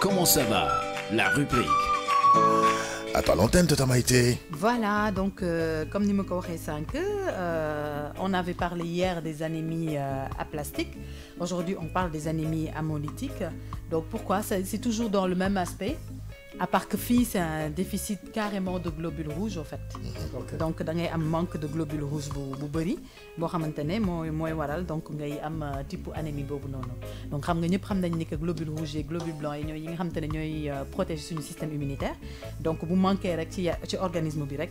Comment ça va La rubrique. À ta l'antenne, Maïté. Voilà, donc euh, comme nous me 5, euh, on avait parlé hier des anémies euh, à plastique. Aujourd'hui, on parle des anémies hémolytiques. Donc pourquoi C'est toujours dans le même aspect à part que fille, c'est un déficit carrément de globules rouges, en fait. Donc Donc, y a un manque de globules rouges pour bu bëri boo xamante ne un waral donc a un euh, type d'anémie. donc xam nga que xam globules rouges et globules blancs protègent le yi euh, système immunitaire donc si manqué rek ci ci organisme bi rek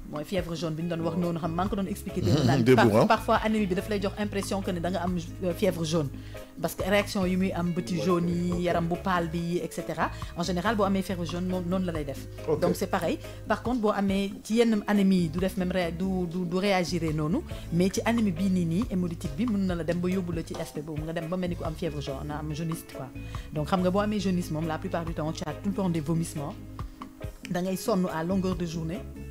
mooy fièvre jaune bi ñu doon wax noonu xam maa ko doon expliquer démb parfois anémie bi daf lay jox impression que ne da nga am euh, fièvre jaune parce que réaction yi muy am bëti jaune yi yaram bu pâle bi et cetera en général boo amee fièvre jaune moom noonu la lay def donc c'est pareil par contre boo amee ci yenn anémie du def même du du du réagir noonu mais ci anémie bii nii nii hémolytique bi mën na la dem ba yóbbu la ci sp boobu nga dem ba mel ni ko am fièvre jaune na am jaunisse quoi donc xam nga boo amee jaunisse moom la plupart du temps on as tout le temps des vomissements da ngay sonn à longueur de journée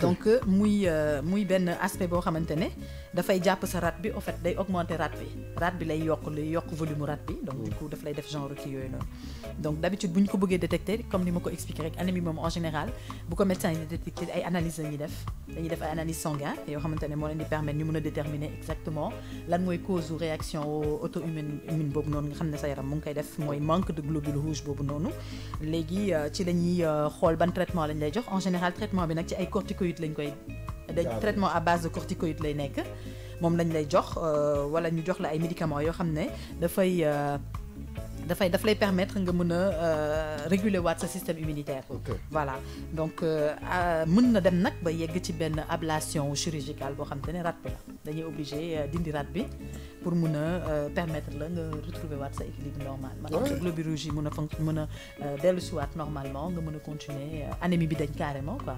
donc euh, muy euh, muy bien aspect boo xamante dafay japp sa rate bi au fait day augmenter rate bi rate bi lay yokk lay yokk volume rate bi donc du mm. coup daf lay def genre kii yoy non donc d'habitude buñ ko bëggee détecter comme ni ma ko expliquer rek anémie moom en général bu ko médecin yi détecter ay analyse la ñuy def dañuy def ay analyse sanguin yoo xamante ne moo leen di permettre ñu mën a déterminer exactement lan mooy cause ou réaction auto-immune immune boobu noonu nga xam ne sa yaram mu ngi koy def mooy manque de globule rouge boobu noonu léegi euh, ci lañuy ñuy euh, xool ban traitement lañ lay jox en général traitement bi nag ci ay corticoïdes lañ koy des traitements à base de corticoïdes, lay nek mom lañ lay jox euh, wala ñu jox la ay médicaments yoo xam ne da euh, fay da lay permettre nga mëna euh réguler waat sa système immunitaire voilà donc euh, mën na dem nak ba yegg ci ben ablation chirurgicale bo xamné te rat bi la dañuy obligé dindi rat bi pour mun a euh, permettre la nga retrouver waat sa équilibre normal maanaam sa globiruge yi mun a a euh, dellu si waat normalement nga mën a continuer euh, anémie bi dañ carrément quoi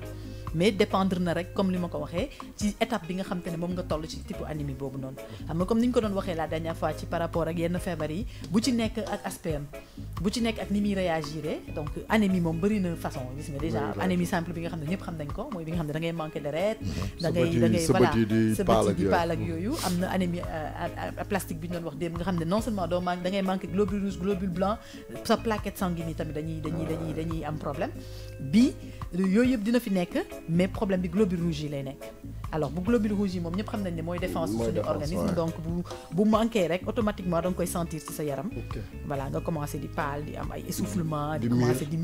mais dépendre na rek comme li ma ko waxee ci étape bi nga xam te ne moom nga toll ci type anémie boobu noonu xam nga comme ni ñu ko doon waxee la dernière fois ci par rapport ak yenn feebar yi bu ci nekk ak aspect am bu ci nekk ak ni muy réagir donc anémie moom bëri na façon gis nga déjà anémie simple bi nga xam ne ñëpp xam nañ ko mooy bi nga xam ne da ngay manqué deret mm-hmm. da ngay da ngay voilà sa bët yi di paal ak mm-hmm. yooyu am na anémie euh, plastique bi ñu doon wax démb nga xam ne non seulement doo manqué da ngay manqué globule rouge globule blanc sa plaquette sanguine yi tamit dañuy dañuy dañuy dañuy am problème bi yooyu yëpp dina fi nekk mais problème bi globule rouge lay alors bu globule rouge yi moom xam nañ organisme donc automatiquement da sentir ci sa yaram voilà nga commencé di di am ay mm. commencé di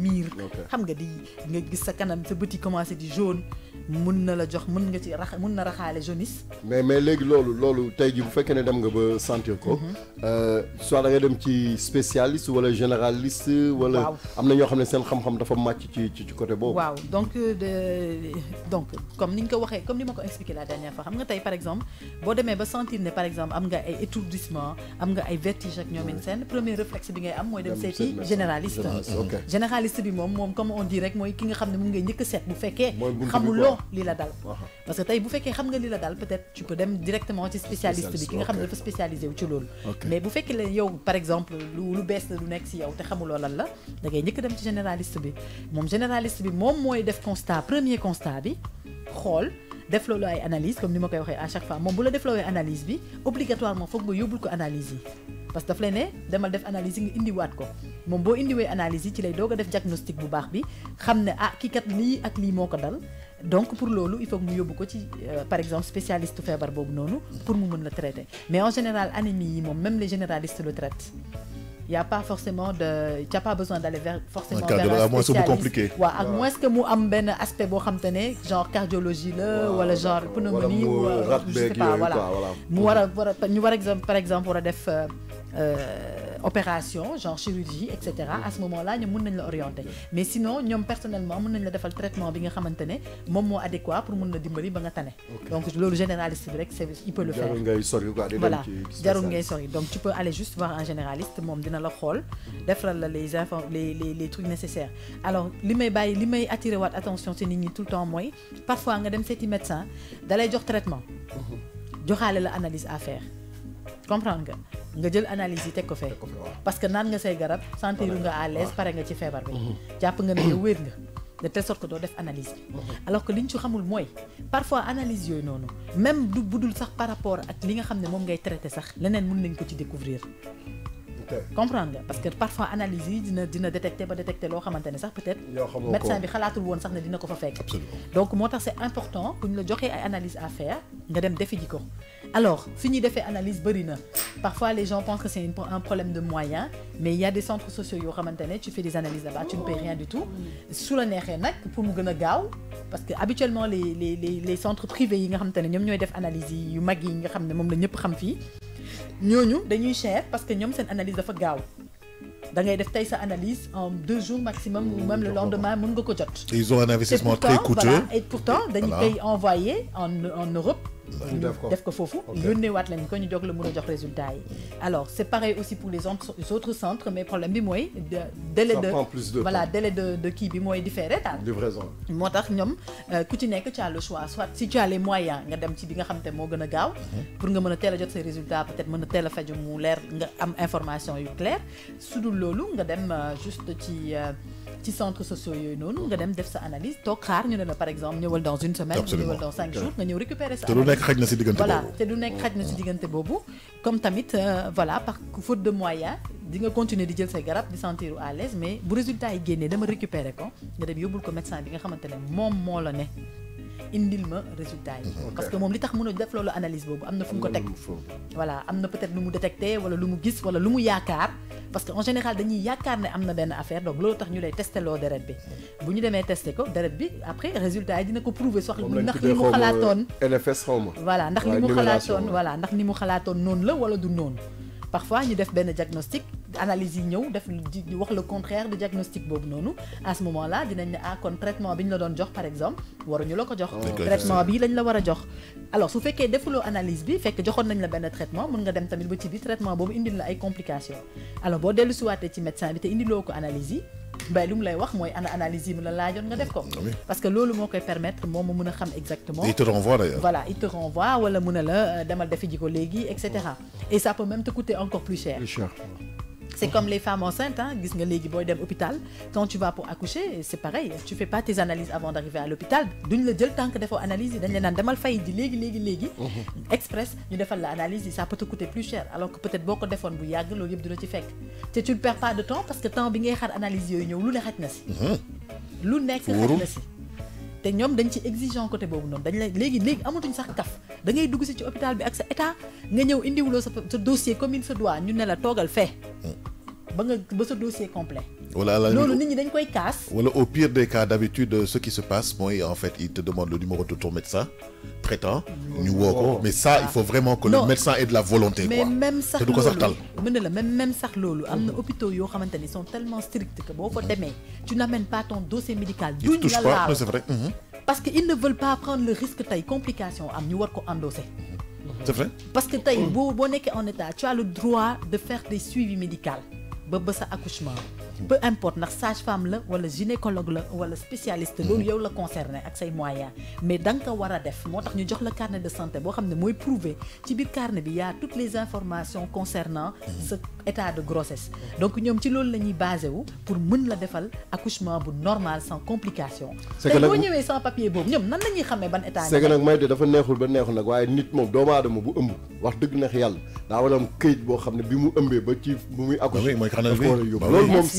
xam nga di nga jaune mën na la jox mën nga ci rax mën na raxaale jaunisse. mais mais léegi loolu loolu tey jii bu fekkee ne dem nga ba sentir ko. Mhm. Euh, soit da nga dem ci spécialiste wala généraliste. wala am na ñoo xam ne seen xam-xam dafa màcc ci ci ci côté boobu. waaw donc euh, de donc comme ni ñu ko waxee comme ni ma ko expliqué la dernière fois xam nga tey par exemple boo demee ba sentir ne par exemple am nga ay étourdissement am nga ay vertiges ak ñoom seen premier réflexe bi ngay am mooy dem seeti généraliste. généraliste bi moom moom comme on dit rek mooy ki nga xam ne moom ngay njëkk a seet bu fekkee xamuloo non lii la dal parce que tay bu fekkee xam nga lii la dal peut-être tu peux dem directement ci spécialiste bi ki nga xam dafa spécialisé wu ci loolu mais bu fekkee leen yow par exemple lu lu bees lu nek ci yow te xamuloo lan la da ngay ñëk dem ci généraliste bi mom généraliste bi mom moy def constat premier constat bi xol def lolu ay analyse comme ni ma koy waxee à chaque fois mom bu la def lolu ay analyse bi obligatoirement foog nga yóbbul ko analyse parce que daf lay ne demal def analyse nga indi indiwaat ko mom bo indi indiwee analyse ci lay doga def diagnostic bu baax bi xam ah ki kat lii ak li moko dal donc pour loolu il faut que mu yóbbu ko ci euh, par exemple spécialiste feebar boobu noonu pour nous mën la traiter mais en général anémie yi moom même les généralistes le il y' a pas forcément de y' a pas besoin d'aller vers forcément vers c'est spécialiste moins que mu am ben aspect bo xam genre cardiologie le wala genre pneumonie je sais pas voilà mu war exemple par exemple war a euh, euh opération genre chirurgie etc. à ce moment-là nous mën nañ la orienter mais sinon ñoom personnellement nous nañ faire le traitement bi nga xamante ne moom adéquat pour nous la dimbali ba nga tané. donc le généraliste rek il peut le faire voilà donc tu peux aller juste voir un généraliste moom dina la xool. Mhm. defaral la les les les trucs nécessaires alors ce qui bàyyi attiré may attention ci nit tout le temps mooy parfois nga dem seeti médecin dalay jox traitement. Mhm. joxaale la analyse à faire. comprendre nga nga jël analyse yi teg ko fee parce que naan nga say garab yu nga à l'aise pare nga ci feebar bi mhm. jàpp nga ne yow wér nga de telle sorte ko doo def analyse bi mhm. alors que li ñu ci xamul mooy parfois analyse yooyu noonu même du budul sax par rapport ak li nga xam ne moom ngay traité sax leneen mun nañ ko ci découvrir comprendre parce que parfois analyse dina dina détecter ba détecter lo xamante sax peut-être médecin bi xalatul won sax ne dina ko fa fekk donc motax c'est important pour ñu la joxé ay analyse à faire nga dem défi ji ko alors fi ñuy defee analyse bari na parfois les gens pensent que c'est un problème de moyens mais il y a des centres sociaux yoo tu fais des analyses là-bas tu ne payes rien du tout sous la nexé nak pour mu gëna gaaw parce que habituellement les les les les centres privés yi nga xamante ñom ñoy def analyse yu mag yi nga xamne mom la ñëpp xam fi ñooñu dañuy cher parce que ñoom seen analyse dafa gaaw da ngay def tey sa analyse en deux jours maximum ou même le lendemain mën nga ko jot. ils ont un investissement très coûteux. et pourtant nous koy envoyé en en Europe. Mmh. def ko foofu yónnee waat lañ ko ñu jog la mën a jox résultat yi alors c'est pareil aussi pour les autres centres mais problème bi mooy délai de voilà délai de de kii bi mooy différé daal livraison moo tax ñoom euh, ku ci nekk tu as le choix soit si tu as les moyens nga dem ci bi nga xam te moo gën a mmh. pour nga mën a teel a résultats peut-être mën a teel a faju mu leer nga am information yu claire su dul loolu nga dem euh, juste ci euh, ci centres sociaux yooyu noonu nga dem def sa analyse toog xaar ñu ne la par exemple ñëwal dans une semaine ñëwal dans cinq jours nga ñëw récupérer sa te du nekk xaj na si diggante boobu voilà te du nekk xaj na si diggante boobu comme tamit euh, voilà par faute de moyens di nga continuer di jël say garab di sentir à l'aise mais bu résultat yi génnee dama récupérer ko nga dem yóbbul ko médecin bi nga xamante ne moom moo la ne indil ma résultat yi mm-hmm. parce que moom li tax mën a def loolu analyse boobu am na fu mu ko teg voilà am na peut-être lu mu détecté wala lu mu gis wala lu mu yaakaar parce qu'en en général dañuy yaakaar a am affaire donc loolu tax ñu lay testé loo deret bi bu ñu ko deret après résultat yi dina ko prouver sox ndax li mu voilà voilà parfois ñu def benn diagnostic analyse yi ñëw def di wax le contraire du diagnostic boobu noonu à ce moment là dinañ ne ah kon traitement bi ñu la doon jox par exemple waruñu la ko jox oh, traitement bi lañ la war a jox alors su fekkee defuloo analyse bi fekk joxoon nañ la benn traitement mun nga dem tamit ba ci bi traitement boobu indil la ay complications alors boo dellu siwaatee ci médecin bi te indiloo ko analyse yi bay lu lay wax moy ana analyse yi mu la lajone nga def ko ah parce que lolu moo koy permettre moom mu xam exactement il te renvoie d'ailleurs voilà il te renvoie wala mu la euh, demal defi jiko legui et cetera et ça peut même te coûter encore plus cher. plus cher c'est comme les femmes enceintes, hein, gis nga dem hôpital quand tu vas pour accoucher c'est pareil tu fais pas tes analyses avant d'arriver à l'hôpital duñ le temps tant que defoo analyse yi dañ la naan demal fay ji léegi mm-hmm. express ñu defal la analyse ça peut te coûter plus cher alors que peut-être beaucoup ko defoon bu yàgg loolu yëpp dina ci fekk tu ne perds pas de temps parce que temps bi ngay xaar analyse yooyu ñëw lu ne xaj na mm-hmm. lu nekk xaj na te ñoom dañ ci exigeant côté boobu noonu dañ lay léegi léegi amatuñ sax kaf da dugg ci hôpital bi ak sa état nga dossier comme il doit ñu la mm. dossier complet wala la au pire des cas d'habitude euh, ce qui se passe moi en fait il te demande le numéro de ton médecin Prétend mais ça il faut vraiment que le médecin ait de la volonté. quoi mais même ça Les même même ça mm. hôpitaux sont tellement stricts que mm. tu n'amènes pas ton dossier médical. ne touches pas, c'est vrai. Mm-hmm. parce qu'ils ne veulent pas prendre le risque de complications am New York mm-hmm. c'est vrai parce que tu tu es en état tu as le droit de faire des suivis médicaux ba ça accouchement peu importe ndax sage femme la wala gynécologue la wala spécialiste loolu mm-hmm. yow la concerné ak say moyens mais da nga ko war a def moo tax ñu jox la carnet de santé boo xam ne mooy prouver ci biir carnet bi y'a toutes les informations concernant mm-hmm. ce état de grossesse donc ñoom ci loolu la ñuy basé wu pour mën la defal accouchement bu normal sans complication tey boo ñëwee sans papier boobu ñoom nan la ñuy xamee ban état c'est que nag may de dafa neexul ba neexul nag waaye nit moom doomu aadama bu ëmb wax dëgg neex yàlla daa wala am këyit boo xam ne bi mu ëmbee ba ci bu muy accouché daf ko bi a yóbbu loolu moom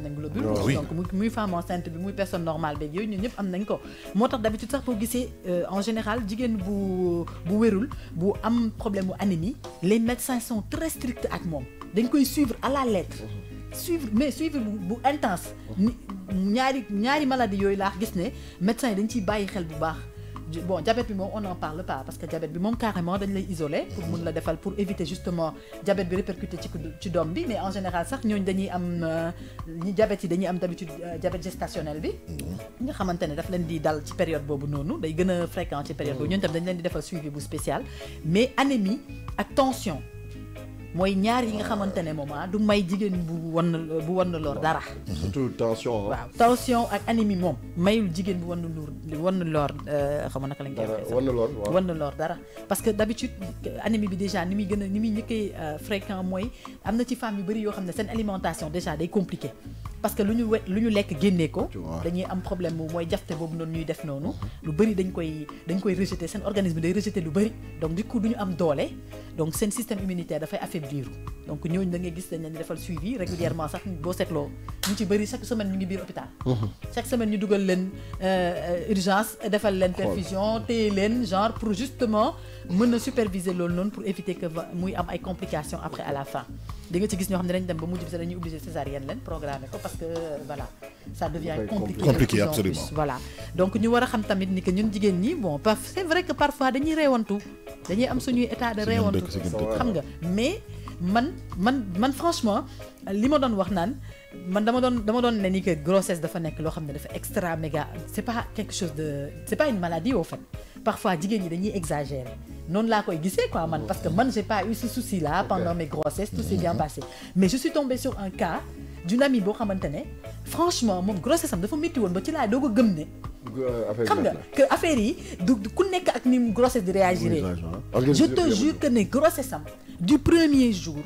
am nañ globule rouge ah donc muy muy femme enceinte bi muy personne normale beeg yooyu ñun ñëpp am nañ ko moo tax d'habitude sax boo gisee euh, en général jigéen bu bu wérul bu am problème mu anémie les médecins sont très stricts ak moom dañ koy suivre à la lettre suivre mais suivre bu intense ñaari ñaari maladie yooyu laa gis ne médecins yi dañ ciy bàyyi xel bu baax bon diabète bi moom on n'en parle pas parce que diabète bi moom carrément dañ lay isolé pour mun la defal pour éviter justement diabète bi répercuté ci ci doom bi mais en général sax ñooñu dañuy am euh, ñi diabète yi dañuy am habitude euh, diabète gestationnel bi nga mm-hmm. xamante ne daf leen di dal ci période boobu noonu day gën a fréquent ci période boobu ñooñu tam dañ leen di defal suivi bu spécial mais anémie ak tension moy ñaar yi nga xamante ne moom ah du may jigen bu wan bu wan lor dara. surtout tension hein. waaw tension ak anémie mom mayul jigen bu wan lor wan lor euh, xam nga naka lañ koy waxee. wan lor waaw lor dara. parce que d'habitude anémie bi déjà ni mi gëna ni mi njëkkee euh, fréquent moy amna ci femme yu bari yo xam sen alimentation déjà day compliqué parce que luñu ñu we lu lekk génnee ko dañuy am problème bu mooy jafte boobu noonu ñuy def noonu lu bëri dañ koy dañ koy rejeter seen organisme day rejeter lu bëri donc du coup du ñu am doole donc seen système immunitaire dafay affaiblir donc ñooñu da ngay gis dañ leen defal suivi régulièrement sax boo seetloo ñu ci bëri chaque semaine ñu ngi biir hôpital mhm. chaque semaine ñu dugal leen euh, euh, urgence defal leen perfusion téye leen genre pour justement mën a superviser loolu noonu pour éviter que muy am ay complications après à la fin di nga ci gis ñoo xam ne dañ dem ba mujj bi sa dañuy obligé césarienne lañ programmé ko parce que voilà ça devient compliqué compliqué absolument voilà donc ñu war a xam tamit ni que ñun jigéen ñi bon c'est vrai que parfois dañuy réewantu dañuy am suñuy état de réewantu xam nga mais man man man franchement li ma doon wax naan man dama doon dama doon ne ni que grossesse dafa nekk loo xam ne dafa extra méga c'est pas quelque chose de c'est pas une maladie au fait parfois jigéen ñi dañuy exagérer noonu laa koy gisee quoi man parce que man j'ai pas eu ce souci là pendant mes grossesses tout s'est mhm. bien passé mais je suis tombée sur un cas d'une amie bo xamante franchement mon grossesse am dafa métti won ba ci laa dogo a gëm ne. xam nga que affaire yi du ku nekk ak ni grossesse di réagir. je te jure que ne grossesse am du premier jour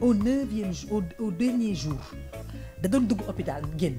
au neuvième jour au dernier jour da doon dugg hôpital génn.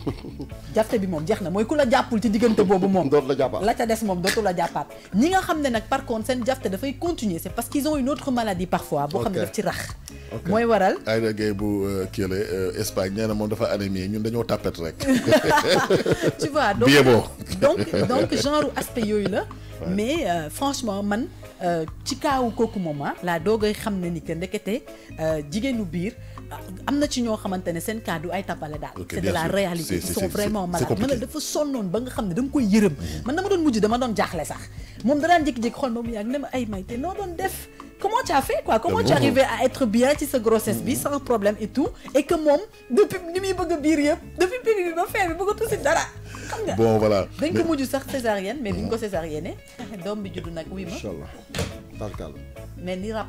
jafte bi mom jeex moy kula jappul ci digënté bobu mom dootu la jàppaat la ca dess mom dootu la jàppaat ñi nga xamné nak par contre sen seen da fay continuer c'est parce qu'ils ont une autre maladie parfois boo xamné ne daf ci rax moy waral ay na gay bu euh, kélé euh, Espagne nee mom moom dafa anémie ñun dañoo tàppet rek tu vois donc donc donc genre aspect yoy la mais euh, franchement man ci kaawu koku moom ah, la dogay xamné ni que ndekete jigéenu biir am na ci ñoo xamante ne seen cas du ay tapale daal c'est de la réalité ils sont vraiment malades man la dafa sonnoon ba nga xam ne da nga koy yërëm mhm. man dama doon mujj dama doon jaaxle sax moom danaan jékki-jékki xool moom yàgg ne ma ay may te noo doon def comment tu as fait quoi comment tu es arrivé à être bien ci sa grossesse bi mhm. sans problème et tout et que moom depuis ni muy bëgg a biir yëpp depuis biir bi ba feer bi bëgg a tusi dara xam nga bon voilà dañ ko mujj sax césarienne mais bi ñu mhm. ko césarienne doom bi judd nag wi ma incha allah mais ni rab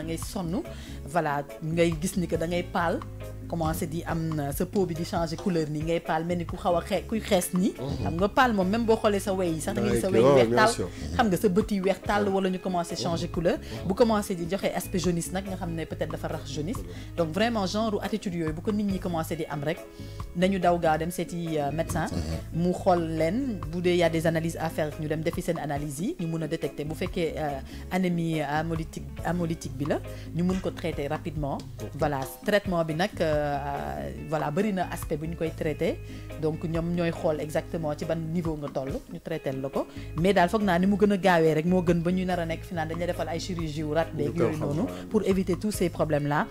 da ngay sonn voilà ngay gis ni que da ngay paal commencé di am na euh, sa peau bi di changer couleur ni ngay pal mel ni ku xawa xé kuy xess ni mhm. xam nga pal moom même bo xolé sa wey sax da nga sa wey yi weex xam nga sa beuti yi weex wala ñu commencé changer mhm. couleur bu commencé di joxé aspect jaunisse nak nga xamné peut-être dafa rax jaunisse donc vraiment genre attitude yoy bu ko nit ñi commencé di am rek nañu daw ga dem seeti euh, médecin mhm. mu xol len bu dé y a des analyses à faire ñu dem defi seen analyse yi ñu mëna détecter bu féké euh, anémie hémolytique hémolytique bi la ñu mëna ko traiter rapidement voilà traitement bi nag euh, voilà bari na aspect bi ñu koy traité donc ñoom ñooy xool exactement ci ban niveau nga toll ñu traité la ko mais daal foog naa ni mu gën a gaawee rek moo gën ba ñu nar a nekk fi naan dañu defal ay chirurgie wu rat beeg yooyu noonu pour éviter tous ces problèmes là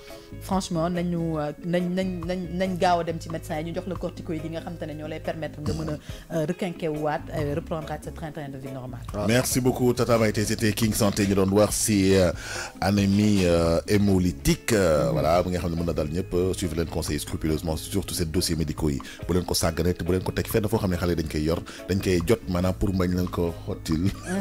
franchement nañu euh, nañ nañ nañ nañ gaaw a dem ci médecin yi ñu jox la corticoïdes yi nga xam te ne ñoo lay permettre nga mën a euh, requinquer waat reprendre sa train train de vie normal ah. merci beaucoup Tata Maïté c'était King Santé ñu doon wax si anémie hémolytique mm-hmm. voilà bi nga xam ne mën na dal ñëpp suivre conseiller scrupuleusement tous ces dossiers médicaux pour bu ko les te bu ko les pour